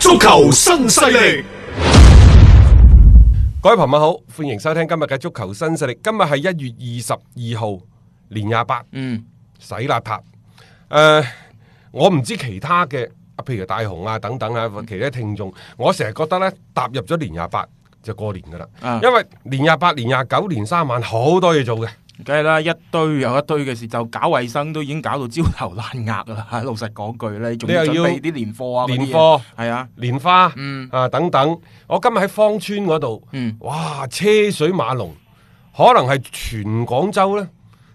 足球新勢力，各位朋友好，歡迎收聽今日嘅足球新勢力。今日係一月二十二號，年廿八，嗯，洗邋遢。誒、呃，我唔知其他嘅，譬如大雄啊等等啊，或其他聽眾，嗯、我成日覺得咧，踏入咗年廿八就過年噶啦，啊、因為年廿八年廿九年三晚好多嘢做嘅。梗係啦，一堆又一堆嘅事，就搞衛生都已經搞到焦頭爛額噶啦！吓，老實講句咧，仲、啊、又要啲年貨科啊，年貨花係、嗯、啊，年花嗯啊等等。我今日喺芳村嗰度，嗯、哇，車水馬龍，可能係全廣州咧，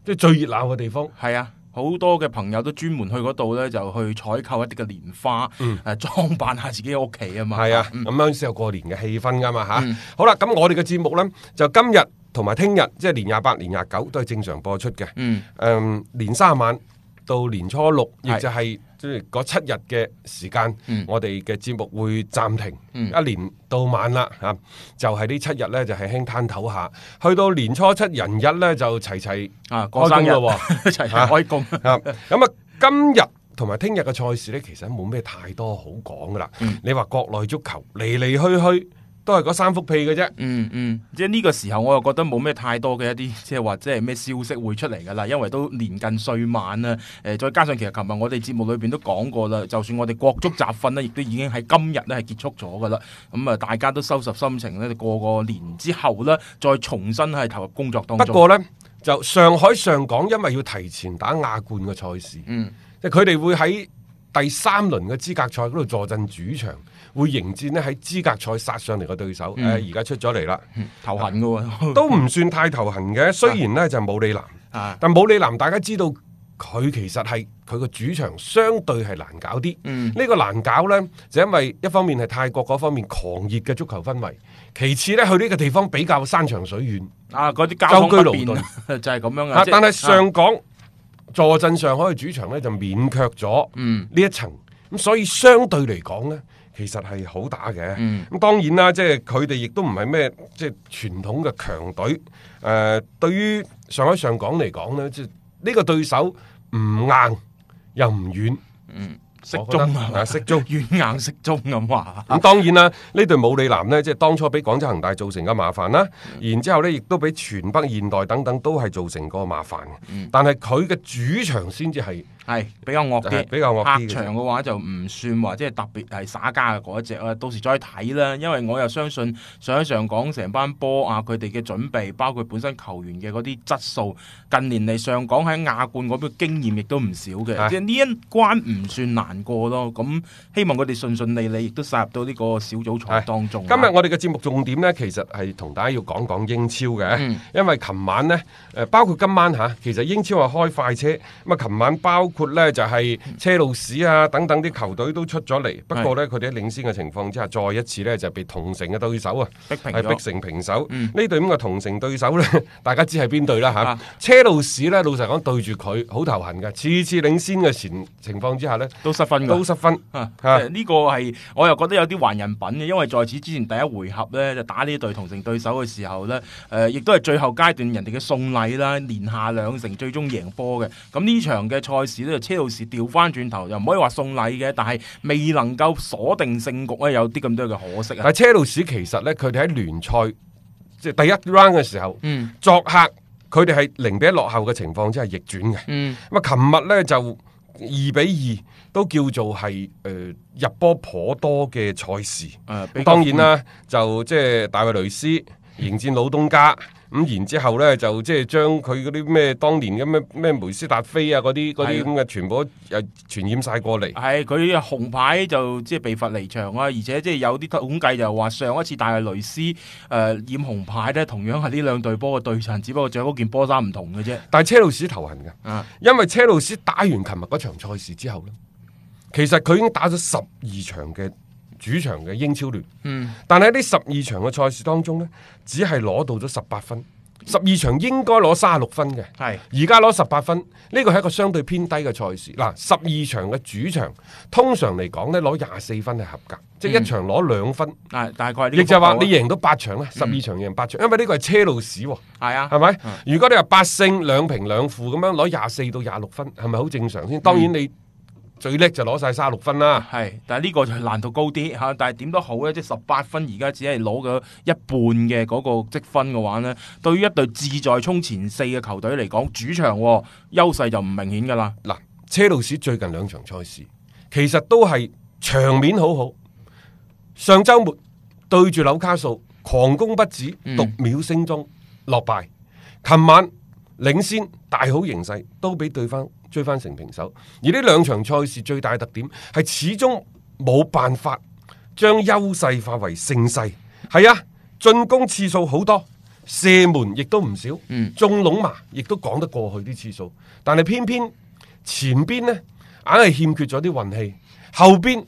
即係最熱鬧嘅地方。係啊，好多嘅朋友都專門去嗰度咧，就去採購一啲嘅年花，嗯，誒、啊，裝扮下自己嘅屋企啊嘛。係啊，咁、嗯、樣先有過年嘅氣氛噶嘛吓。啊嗯、好啦，咁我哋嘅節目咧，就今日。同埋聽日即係年廿八、年廿九都係正常播出嘅。嗯，誒、嗯，年卅晚到年初六，亦就係、是、是即係嗰七日嘅時間，嗯、我哋嘅節目會暫停。嗯、一年到晚啦，吓、啊、就係、是、呢七日咧，就係輕攤唞下。去到年初七人日咧，就齊齊啊過生日一齊齊開工。咁啊， 啊今日同埋聽日嘅賽事咧，其實冇咩太多好講噶啦。嗯、你話國內足球嚟嚟去去，都係嗰三幅屁嘅啫，嗯，嗯嗯，即係呢個時候我又覺得冇咩太多嘅一啲，即係或者係咩消息會出嚟噶啦，因為都年近歲晚啦，誒、呃，再加上其實琴日我哋節目裏邊都講過啦，就算我哋國足集訓呢，亦都已經喺今日咧係結束咗噶啦，咁、嗯、啊，大家都收拾心情咧，過個年之後咧，再重新係投入工作當中。不過呢，就上海上港因為要提前打亞冠嘅賽事，嗯，即係佢哋會喺第三輪嘅資格賽嗰度坐鎮主場，會迎戰咧喺資格賽殺上嚟嘅對手，誒而家出咗嚟啦，頭痕嘅都唔算太頭痕嘅，雖然呢就係武里南，但武里南大家知道佢其實係佢個主場相對係難搞啲，呢個難搞呢，就因為一方面係泰國嗰方面狂熱嘅足球氛圍，其次呢，去呢個地方比較山長水遠，啊嗰啲交通不便就係咁樣啊，但係上港坐鎮上海嘅主場呢，就免卻咗呢一層，咁所以相對嚟講呢。其實係好打嘅，咁、嗯、當然啦，即係佢哋亦都唔係咩，即、就、係、是、傳統嘅強隊。誒、呃，對於上海上港嚟講咧，即係呢個對手唔硬、嗯、又唔軟，嗯、適中係、啊、適中軟硬適中咁話。咁、嗯、當然啦，呢對武里南呢，即、就、係、是、當初俾廣州恒大造成嘅麻煩啦。嗯、然之後呢，亦都俾全北現代等等都係造成過麻煩。嗯、但係佢嘅主場先至係。係比較惡啲，比較惡嘅，客場嘅話就唔算話，即係特別係耍家嘅嗰隻啊，到時再睇啦。因為我又相信上一上港成班波啊，佢哋嘅準備，包括本身球員嘅嗰啲質素，近年嚟上港喺亞冠嗰邊經驗亦都唔少嘅，即係呢一關唔算難過咯。咁希望佢哋順順利利，亦都殺入到呢個小組賽當中。今日我哋嘅節目重點呢，其實係同大家要講講英超嘅，嗯、因為琴晚呢，誒包括今晚吓，其實英超啊開快車，咁啊琴晚包。括呢就係車路士啊等等啲球隊都出咗嚟，不過呢，佢哋喺領先嘅情況之下，再一次呢就被同城嘅對手啊，逼平係逼成平手。呢隊咁嘅同城對手呢，大家知係邊隊啦，吓，車路士呢老實講對住佢好頭痕噶次次領先嘅前情況之下呢，都失分嘅，都失分。啊，呢個係我又覺得有啲還人品嘅，因為在此之前第一回合呢就打呢隊同城對手嘅時候呢，誒亦都係最後階段人哋嘅送禮啦，連下兩城最終贏波嘅。咁呢場嘅賽事。呢個車路士調翻轉頭又唔可以話送禮嘅，但係未能夠鎖定勝局咧，有啲咁多嘅可惜啊！但係車路士其實咧，佢哋喺聯賽即係、就是、第一 round 嘅時候，嗯，作客佢哋係零比一落後嘅情況，即係逆轉嘅，嗯。咁啊，琴日咧就二比二，2，都叫做係誒、呃、入波頗多嘅賽事。誒，嗯、當然啦，呢就即係大衛雷、雷斯、哦、迎戰老東家。咁然之後咧，就即係將佢嗰啲咩當年嘅咩咩梅斯達菲啊，嗰啲啲咁嘅全部又傳染晒過嚟。係佢紅牌就即係被罰離場啊！而且即係有啲統計就話上一次大衛雷斯誒染紅牌咧，同樣係呢兩隊波嘅對陣，只不過著嗰件波衫唔同嘅啫。但係車路士頭痕㗎，啊、因為車路士打完琴日嗰場賽事之後咧，其實佢已經打咗十二場嘅。主場嘅英超聯，嗯，但係呢十二場嘅賽事當中呢，只係攞到咗十八分，十二場應該攞三十六分嘅，係而家攞十八分，呢個係一個相對偏低嘅賽事。嗱、啊，十二場嘅主場通常嚟講呢，攞廿四分係合格，嗯、即係一場攞兩分、啊，大概亦就係話你贏到八場啦，十二場贏八場，場場嗯、因為呢個係車路士、哦，係啊，係咪吧？嗯、如果你話八勝兩平兩負咁樣攞廿四到廿六分，係咪好正常先？當然你。最叻就攞晒卅六分啦，係，但係呢個就難度高啲嚇。但係點都好咧，即係十八分而家只係攞咗一半嘅嗰個積分嘅話咧，對於一隊志在衝前四嘅球隊嚟講，主場優勢就唔明顯噶啦。嗱，車路士最近兩場賽事其實都係場面好好。上週末對住紐卡素，狂攻不止，讀秒聲中、嗯、落敗。琴晚領先大好形勢，都俾對方。追翻成平手，而呢兩場賽事最大嘅特點係始終冇辦法將優勢化為勝勢。係啊，進攻次數好多，射門亦都唔少，嗯，中籠嘛亦都講得過去啲次數，但係偏偏前邊呢，硬係欠缺咗啲運氣，後邊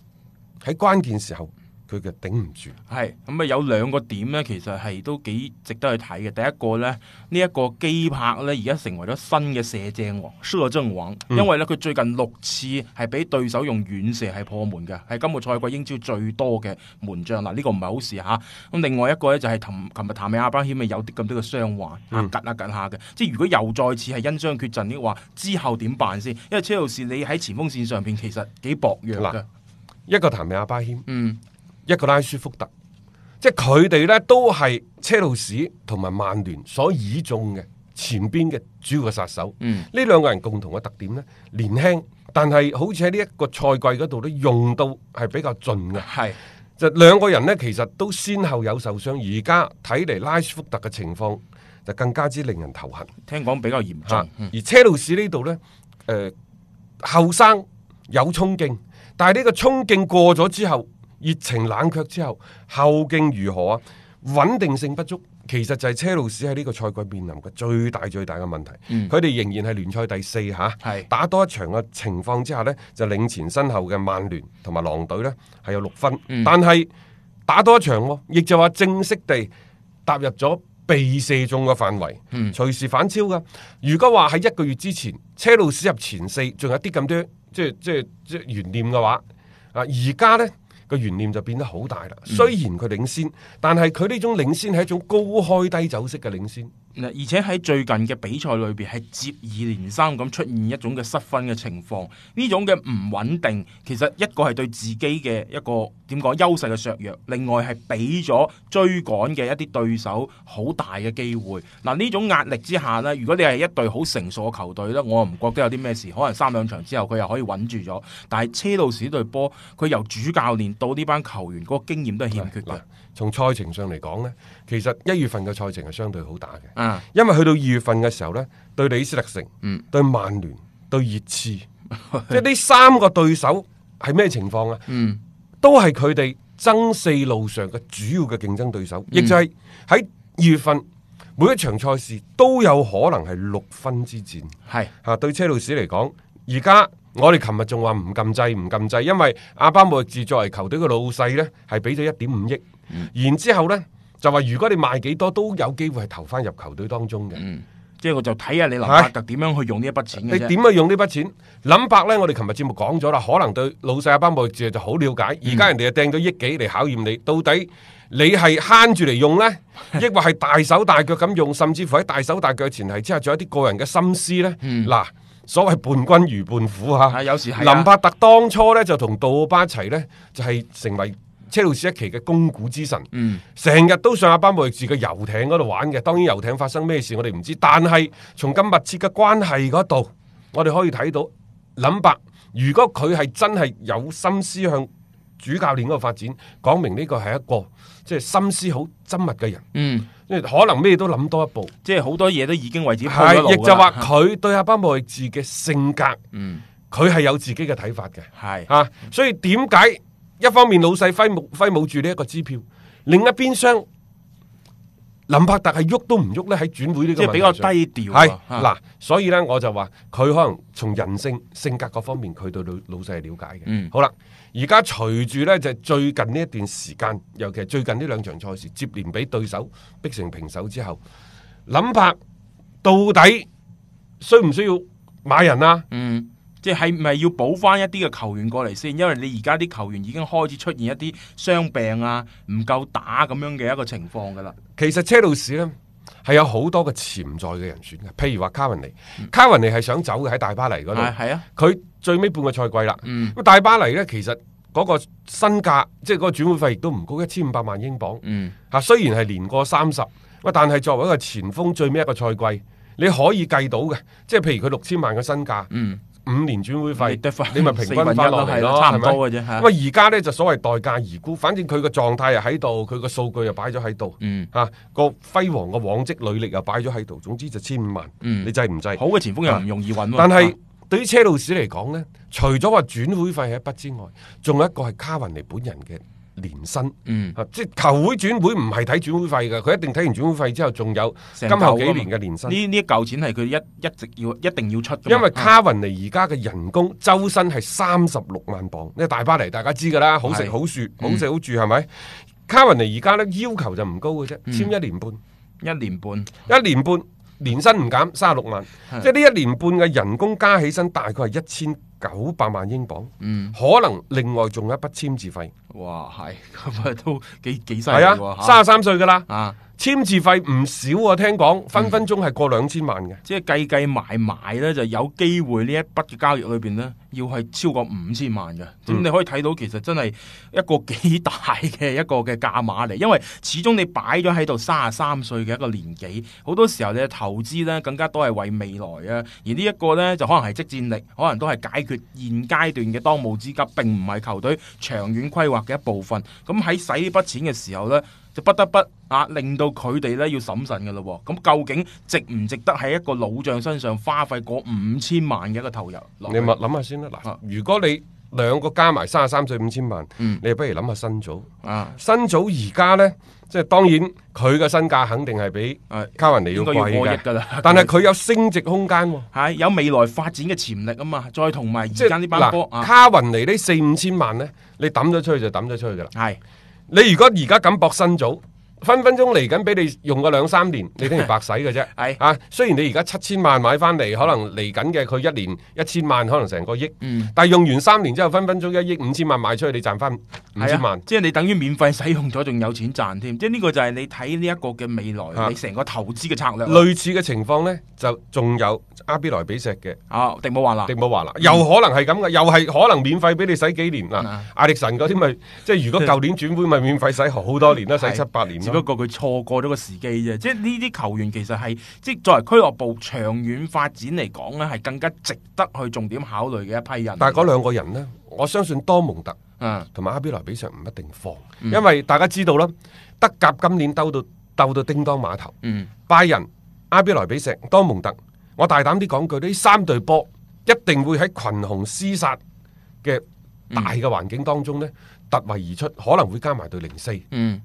喺關鍵時候。佢嘅頂唔住，係咁啊！有兩個點咧，其實係都幾值得去睇嘅。第一個咧，呢、這、一個基柏咧，而家成為咗新嘅射正王，輸咗真王，因為咧佢、嗯、最近六次係俾對手用遠射係破門嘅，係今個賽季英超最多嘅門將嗱。呢、這個唔係好事嚇。咁、啊、另外一個咧就係琴琴日譚美亞巴險，咪有啲咁多嘅傷患，拮下拮下嘅。即係如果又再次係因傷缺陣嘅話，之後點辦先？因為車路士你喺前鋒線上邊其實幾薄弱嘅。一個譚美亞巴險，嗯。一個拉舒福特，即係佢哋咧都係車路士同埋曼聯所倚重嘅前邊嘅主要嘅殺手。嗯，呢兩個人共同嘅特點咧，年輕，但係好似喺呢一個賽季嗰度咧用到係比較盡嘅。係是就兩個人咧，其實都先後有受傷，而家睇嚟拉舒福特嘅情況就更加之令人頭痕。聽講比較嚴重，嗯、而車路士呢度咧，誒後生有衝勁，但係呢個衝勁過咗之後。熱情冷卻之後，後勁如何啊？穩定性不足，其實就係車路士喺呢個賽季面臨嘅最大最大嘅問題。佢哋、嗯、仍然係聯賽第四吓，啊、是打多一場嘅情況之下呢，就領前身後嘅曼聯同埋狼隊呢係有六分。嗯、但係打多一場，亦就話正式地踏入咗被射中嘅範圍，隨、嗯、時反超嘅。如果話喺一個月之前，車路士入前四，仲有啲咁多，即係即係即係懸念嘅話，啊，而家呢。個懸念就變得好大啦，雖然佢領先，但係佢呢種領先係一種高開低走式嘅領先。而且喺最近嘅比賽裏邊，係接二連三咁出現一種嘅失分嘅情況。呢種嘅唔穩定，其實一個係對自己嘅一個點講優勢嘅削弱，另外係俾咗追趕嘅一啲對手好大嘅機會。嗱、啊，呢種壓力之下呢，如果你係一隊好成熟嘅球隊呢，我唔覺得有啲咩事，可能三兩場之後佢又可以穩住咗。但係車路士呢隊波，佢由主教練到呢班球員嗰個經驗都係欠缺嘅、啊啊。從賽程上嚟講呢，其實一月份嘅賽程係相對好打嘅。因為去到二月份嘅時候呢，對李斯特城，嗯、對曼聯、對熱刺， 即係呢三個對手係咩情況啊？嗯，都係佢哋爭四路上嘅主要嘅競爭對手，亦，嗯、就係喺二月份每一場賽事都有可能係六分之戰。係吓是、啊、對車路士嚟講，而家我哋琴日仲話唔禁制唔禁制，因為阿巴莫自作為球隊嘅老細呢係俾咗一點五億，億嗯、然之後咧。就話如果你賣幾多都有機會係投翻入球隊當中嘅、嗯，即係我就睇下你林伯特點樣去用呢一筆錢。你點去用呢筆錢？林伯咧，我哋琴日節目講咗啦，可能對老細阿班布治就好了解。而家人哋又掟咗億幾嚟考驗你，嗯、到底你係慳住嚟用咧，抑或係大手大腳咁用，甚至乎喺大手大腳前提之下，仲有啲個人嘅心思咧。嗱、嗯，所謂伴君如伴虎吓、啊，有時林伯特當初咧就同杜巴齊咧就係、是、成為。車路士一期嘅攻股之神，成日、嗯、都上阿班布利治嘅遊艇嗰度玩嘅。當然遊艇發生咩事我哋唔知，但係從咁密切嘅關係嗰度，我哋可以睇到諗白。如果佢係真係有心思向主教練嗰度發展，講明呢個係一個即係心思好精密嘅人。嗯，即係可能咩都諗多一步，即係好多嘢都已經為止。鋪係亦就話佢對阿班布利治嘅性格，嗯，佢係有自己嘅睇法嘅。係是啊，所以點解？一方面老細揮舞揮舞住呢一個支票，另一邊廂林柏特係喐都唔喐咧喺轉會呢個，即係比較低調。係嗱是、啊，所以咧我就話佢可能從人性性格各方面，佢對老老細係了解嘅。嗯，好啦，而家隨住咧就係、最近呢一段時間，尤其係最近呢兩場賽事接連俾對手逼成平手之後，林柏特到底需唔需要買人啊？嗯。即係咪要補翻一啲嘅球員過嚟先？因為你而家啲球員已經開始出現一啲傷病啊，唔夠打咁樣嘅一個情況噶啦。其實車路士呢係有好多嘅潛在嘅人選嘅，譬如話卡文尼，嗯、卡文尼係想走嘅喺大巴黎嗰度。係啊，佢最尾半個賽季啦。咁、嗯、大巴黎呢其實嗰個身價，即係嗰個轉會費亦都唔高，一千五百萬英鎊。嗯，嚇雖然係年過三十，喂，但係作為一個前鋒最尾一個賽季，你可以計到嘅，即係譬如佢六千萬嘅身價。嗯。五年轉會費，你咪平均翻落嚟咯，差唔多嘅啫。咁而家咧就所謂待價而沽，反正佢個狀態又喺度，佢個數據又擺咗喺度，吓個輝煌嘅往績履歷又擺咗喺度，總之就千五萬，嗯、你制唔制？好嘅前鋒又唔容易揾，嗯、但係對於車路士嚟講咧，除咗話轉會費係一筆之外，仲有一個係卡雲尼本人嘅。年薪，嗯，即係球會轉會唔係睇轉會費噶，佢一定睇完轉會費之後，仲有今後幾年嘅年薪。呢呢舊錢係佢一一直要，一定要出。因為卡雲尼而家嘅人工、嗯、周薪係三十六萬鎊，呢、這個、大巴黎大家知噶啦，好食好住，是好食好住係咪、嗯？卡雲尼而家咧要求就唔高嘅啫，簽、嗯、一年半，一年半，一年半，嗯、年薪唔減，三十六萬，的即係呢一年半嘅人工加起身大概係一千。九百萬英鎊，嗯，可能另外仲有一筆簽字費。哇，係咁啊，都幾幾犀利係啊，三十三歲噶啦啊。簽字費唔少啊！聽講分分鐘係過兩千萬嘅、嗯，即係計計埋埋呢就有機會呢一筆嘅交易裏面呢，要係超過五千萬嘅。咁、嗯、你可以睇到其實真係一個幾大嘅一個嘅價碼嚟，因為始終你擺咗喺度三十三歲嘅一個年紀，好多時候你嘅投資呢更加多係為未來啊。而呢一個呢，就可能係即戰力，可能都係解決現階段嘅當務之急，並唔係球隊長遠規劃嘅一部分。咁喺使呢筆錢嘅時候呢。就不得不啊，令到佢哋咧要審慎嘅咯。咁、啊、究竟值唔值得喺一個老將身上花費嗰五千萬嘅一個投入？你咪諗下先啦。嗱、啊，如果你兩個加埋三十三歲五千萬，嗯、你不如諗下新組。啊、新組而家咧，即、就、係、是、當然佢嘅身價肯定係比卡雲尼要貴嘅，啊、過億嘅啦，但係佢有升值空間，係、啊、有未來發展嘅潛力啊嘛。再同埋而家呢班波，卡雲尼呢四五千萬咧，你抌咗出去就抌咗出去噶啦。係。你如果而家咁搏新組。分分鐘嚟緊俾你用個兩三年，你等於白使嘅啫。係是啊，雖然你而家七千萬買翻嚟，可能嚟緊嘅佢一年一千萬，可能成個億。嗯、但係用完三年之後，分分鐘一億五千萬賣出去，你賺翻五千萬。即係、啊就是、你等於免費使用咗，仲有錢賺添。即係呢個就係你睇呢一個嘅未來，啊、你成個投資嘅策略。類似嘅情況呢，就仲有阿比萊比錫嘅啊，迪冇華啦，迪冇華啦，又可能係咁嘅，嗯、又係可能免費俾你使幾年嗱。啊啊、阿力神嗰啲咪即係如果舊年轉會咪是免費使好多年啦，使七八年。只不過佢錯過咗個時機啫，即係呢啲球員其實係，即係作為俱樂部長遠發展嚟講咧，係更加值得去重點考慮嘅一批人。但係嗰兩個人呢，我相信多蒙特啊，同埋阿比萊比錫唔一定放，嗯、因為大家知道啦，德甲今年鬥到鬥到叮噹碼頭，嗯，拜仁、阿比萊比錫、多蒙特，我大膽啲講句，呢三隊波一定會喺群雄廝殺嘅大嘅環境當中呢、嗯、突圍而出，可能會加埋對零四，嗯。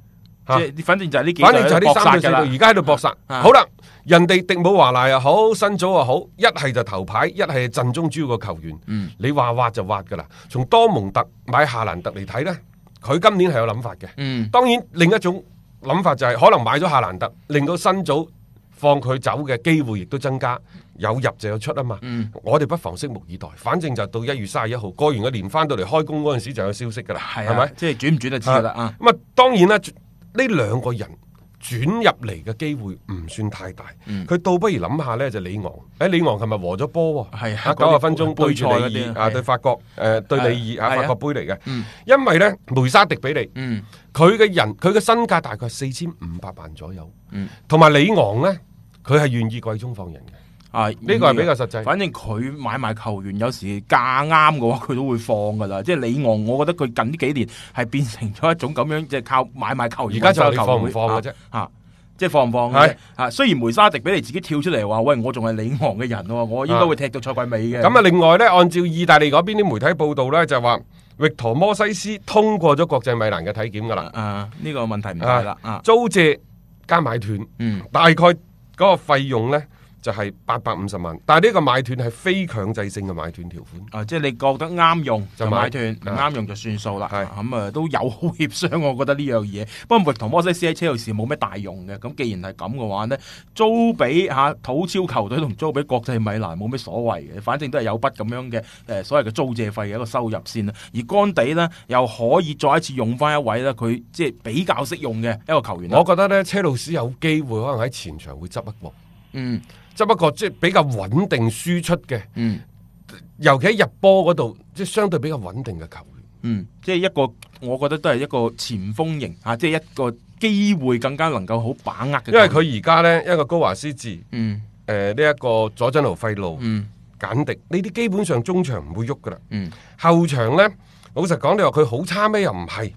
即反正就係呢幾，反正就係呢三個制度，而家喺度搏殺。啊啊、好啦，人哋迪姆華納又好，新祖又好，一係就頭牌，一係陣中主要個球員。嗯、你話挖就挖噶啦。從多蒙特買夏蘭特嚟睇咧，佢今年係有諗法嘅。嗯，當然另一種諗法就係、是、可能買咗夏蘭特，令到新祖放佢走嘅機會亦都增加。有入就有出啊嘛。嗯、我哋不妨拭目以待。反正就到一月三十一號過完個年翻到嚟開工嗰陣時就有消息噶啦。係咪是、啊吧？即係轉唔轉就知噶啦。咁是啊，啊、當然啦。呢兩個人轉入嚟嘅機會唔算太大，佢、嗯、倒不如諗下咧就是、李昂，誒、哎、李昂琴日和咗波，係啊，九十分鐘對住李爾嘅，啊對法國誒、啊呃、對李爾啊，啊法國杯嚟嘅，嗯、因為咧梅沙迪比利，嗯佢嘅人佢嘅身價大概四千五百萬左右，同埋、嗯、李昂咧佢係願意季中放人嘅。啊！呢、嗯、個係比較實際。反正佢買賣球員有時價啱嘅話，佢都會放㗎啦。即係里昂，我覺得佢近呢幾年係變成咗一種咁樣，即係靠買賣球員。而家就係放唔放嘅啫，嚇、啊啊！即係放唔放嘅啫，嚇是、啊！雖然梅沙迪俾你自己跳出嚟話，喂，我仲係里昂嘅人喎、啊，我應該會踢到賽季尾嘅。咁啊，另外咧，按照意大利嗰邊啲媒體報道咧，就話域陀摩西斯通過咗國際米蘭嘅體檢㗎啦、啊。啊，呢、這個問題唔大啦。租借、啊啊、加買斷，嗯，大概嗰個費用咧。就係八百五十萬，但係呢個買斷係非強制性嘅買斷條款。啊，即係你覺得啱用就買斷，唔啱、啊、用就算數啦。係咁啊，都有好協商，我覺得呢樣嘢。不過同摩西斯喺車路士冇咩大用嘅。咁既然係咁嘅話呢，租俾吓、啊、土超球隊同租俾國際米蘭冇咩所謂嘅，反正都係有筆咁樣嘅誒、呃，所謂嘅租借費嘅一個收入先啦。而干地呢，又可以再一次用翻一位呢，佢即係比較適用嘅一個球員。我覺得呢，車路士有機會可能喺前場會執一個。嗯。.只不過即係比較穩定輸出嘅，嗯，尤其喺入波嗰度，即、就、係、是、相對比較穩定嘅球員，嗯，即係一個，我覺得都係一個前鋒型吓、啊，即係一個機會更加能夠好把握嘅。因為佢而家呢，一個高華斯字，嗯，誒呢、呃、一個佐真奴費路，嗯，簡迪呢啲基本上中場唔會喐噶啦，嗯，後場呢，老實講，你話佢好差咩又唔係。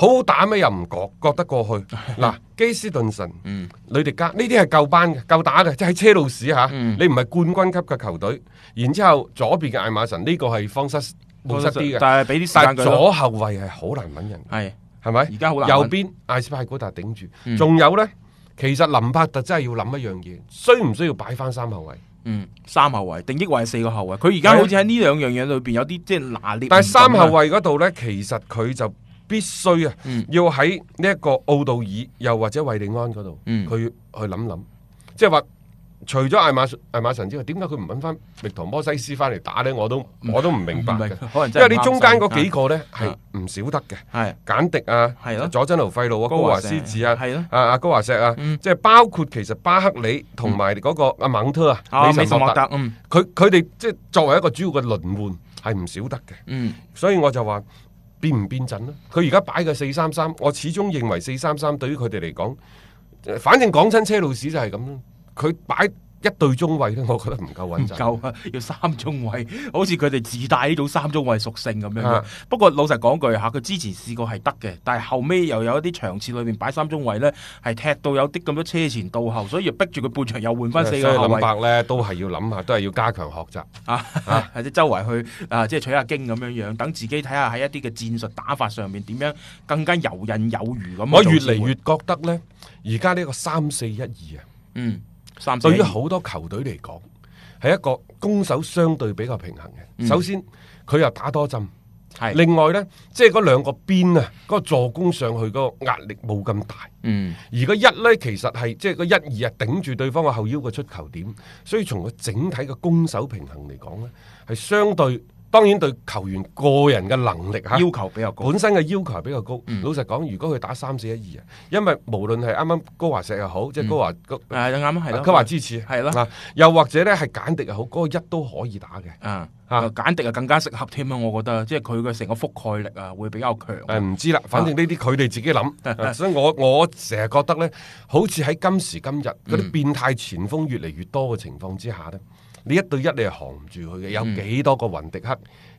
好好打咩又唔覺得覺得過去嗱、嗯、基斯頓神、嗯呂迪加呢啲係夠班嘅，夠打嘅，即、就、係、是、車路士吓，啊嗯、你唔係冠軍級嘅球隊。然之後左邊嘅艾馬神呢、這個係方失，方失啲嘅，但係俾啲時間，但係左後衛係好難搵人，係係咪？而家好難。右邊艾斯派古達頂住，仲、嗯、有咧，其實林柏特真係要諗一樣嘢，需唔需要擺翻三後衛？嗯，三後衛定抑或係四個後衛？佢而家好似喺呢兩樣嘢裏邊有啲即係拿捏。但係三後衛嗰度咧，其實佢就。必須啊，要喺呢一個奧杜爾又或者韋利安嗰度去去諗諗，即係話除咗艾瑪艾瑪臣之外，點解佢唔揾翻蜜糖摩西斯翻嚟打咧？我都我都唔明白嘅，因為你中間嗰幾個咧係唔少得嘅，係簡迪啊，係佐真奴費路啊，高華獅子啊，係咯，阿阿高華錫啊，即係包括其實巴克里同埋嗰個阿猛特啊，李什莫特，佢佢哋即係作為一個主要嘅輪換係唔少得嘅，嗯，所以我就話。變唔變陣咯？佢而家擺個四三三，我始終認為四三三對於佢哋嚟講，反正講真車路士就係咁咯。佢擺，一對中衛咧，我覺得唔夠穩陣。唔夠啊，要三中衛， 好似佢哋自帶呢種三中衛屬性咁樣。 不過老實講句吓，佢之前試過係得嘅，但係後尾又有一啲場次裏面擺三中衛咧，係踢到有啲咁多車前到後，所以逼住佢半場又換翻四個後衛咧，都係要諗下，都係要加強學習 啊，或者 周圍去啊，即係取下經咁樣樣，等自己睇下喺一啲嘅戰術打法上面點樣更加游刃有餘咁。我越嚟越覺得咧，而家呢個三四一二啊，嗯。對於好多球隊嚟講，係一個攻守相對比較平衡嘅。嗯、首先，佢又打多針，是另外呢，即係嗰兩個邊啊，嗰、那個、助攻上去個壓力冇咁大。嗯、而個一呢，其實係即係個一二啊，頂住對方個後腰個出球點。所以從個整體嘅攻守平衡嚟講呢，係相對。當然對球員個人嘅能力啊要求比較高，本身嘅要求係比較高。老實講，如果佢打三四一二啊，因為無論係啱啱高華石又好，即係高華，係啱啊，係啦，高華支持係啦。又或者咧係簡迪又好，嗰個一都可以打嘅。啊啊，簡迪啊更加適合添啊，我覺得，即係佢嘅成個覆蓋力啊會比較強。誒唔知啦，反正呢啲佢哋自己諗。所以我我成日覺得咧，好似喺今時今日嗰啲變態前鋒越嚟越多嘅情況之下咧。你一對一你係行唔住佢嘅，有幾多個雲迪克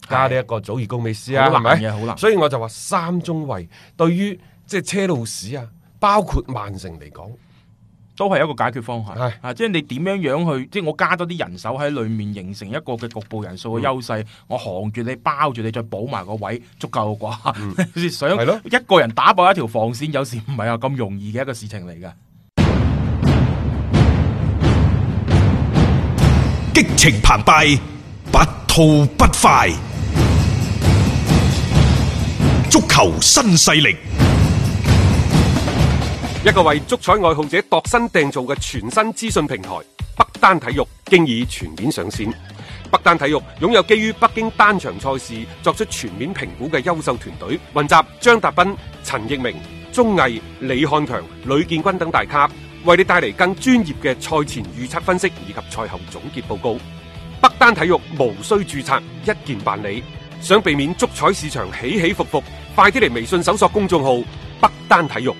加啲一個祖兒高美斯啊？好、嗯、難嘅，好難。所以我就話三中衛對於即係、就是、車路士啊，包括曼城嚟講，都係一個解決方案。係唉啊，即係你點樣樣去，即係我加多啲人手喺裏面，形成一個嘅局部人數嘅優勢，嗯、我行住你包住你，再補埋個位，足夠啩？嗯、 想係咯，一個人打破一條防線，有時唔係話咁容易嘅一個事情嚟嘅。激情澎湃，不吐不快。足球新勢力，一個為足彩愛好者度身訂造嘅全新資訊平台——北單體育，經已全面上線。北單體育擁有基於北京單場賽事作出全面評估嘅優秀團隊，雲集張達斌、陳亦明、鍾毅、李漢強、呂建軍等大咖。為你帶嚟更專業嘅賽前預測分析以及賽後總結報告。北單體育無需註冊，一鍵辦理。想避免足彩市場起起伏伏，快啲嚟微信搜索公眾號北單體育。